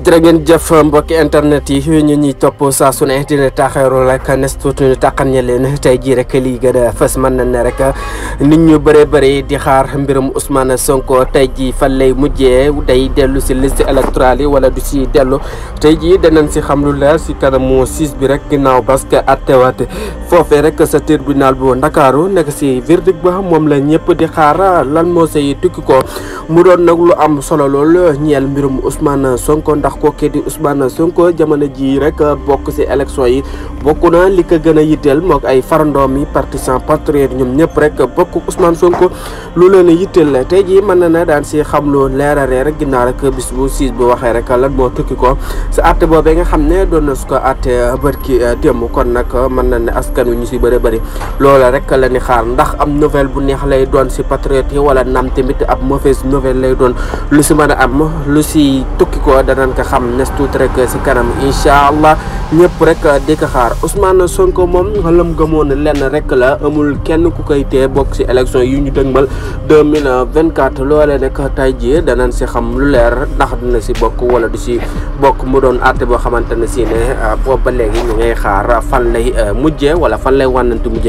jërë ngeen jëf mbokki internet yi ñu ñuy topp saa su ne dina taxeeru rek nes tuuti ñu tàqan ñe leen tey jii rek lii gën a fës mën na ne rek nit ñu bëree bëri di xaar mbirum Ousmane Sonko tey jii fan lay mujjee day dellu si liste électorale yi wala du si dellu tey jii danañ si xam lu leer si kanamu siis bi rek ginnaaw parce que attewaate foofee rek sa tribunal bu Ndakaaru nekk si verdict ba moom la ñëpp di xaar lan moo say tukki ko mu doon nag lu am solo lool ñeel mbirum Ousmane Sonko tax kookee di Ousmane Sonko jamono ji rek bokk si élection yi bokk na li ko gën a yitteel mook ay farandoom yi partisan patriote ñoom ñëpp rek bokk Ousmane Sonko lu leen a yitteel tey jii mën na daan si xam lu leeraree rek ginnaaw rek bis bu siis bu waxee rek lan moo tukki ko sa atte boobee nga xam ne doon na su ko atte bërki eh, démb kon nag mën na ne askan wi ñu si bëri bëri loola rek la ni xaar ndax am nouvelle bu neex lay doon si patriote yi wala nam tamit ab mauvaise nouvelle lay doon lu si mën am lu si tukki ko danaan ko xam nes tuuti rek si kanam incha allah ñëpp rek a ko xaar Ousmane Sonko moom xalam gëmoon lenn rek la amul kenn ku koy tee bokk si élection yu ñu dëgmal 2024 loolee nag tey ji danañ si xam lu leer ndax du dina si bokk wala du si bokk mu doon àtte boo xamante ne si ne ah, boobu ba léegi ñu ngay xaar fan lay eh, mujjee wala fan lay wànnante mujjee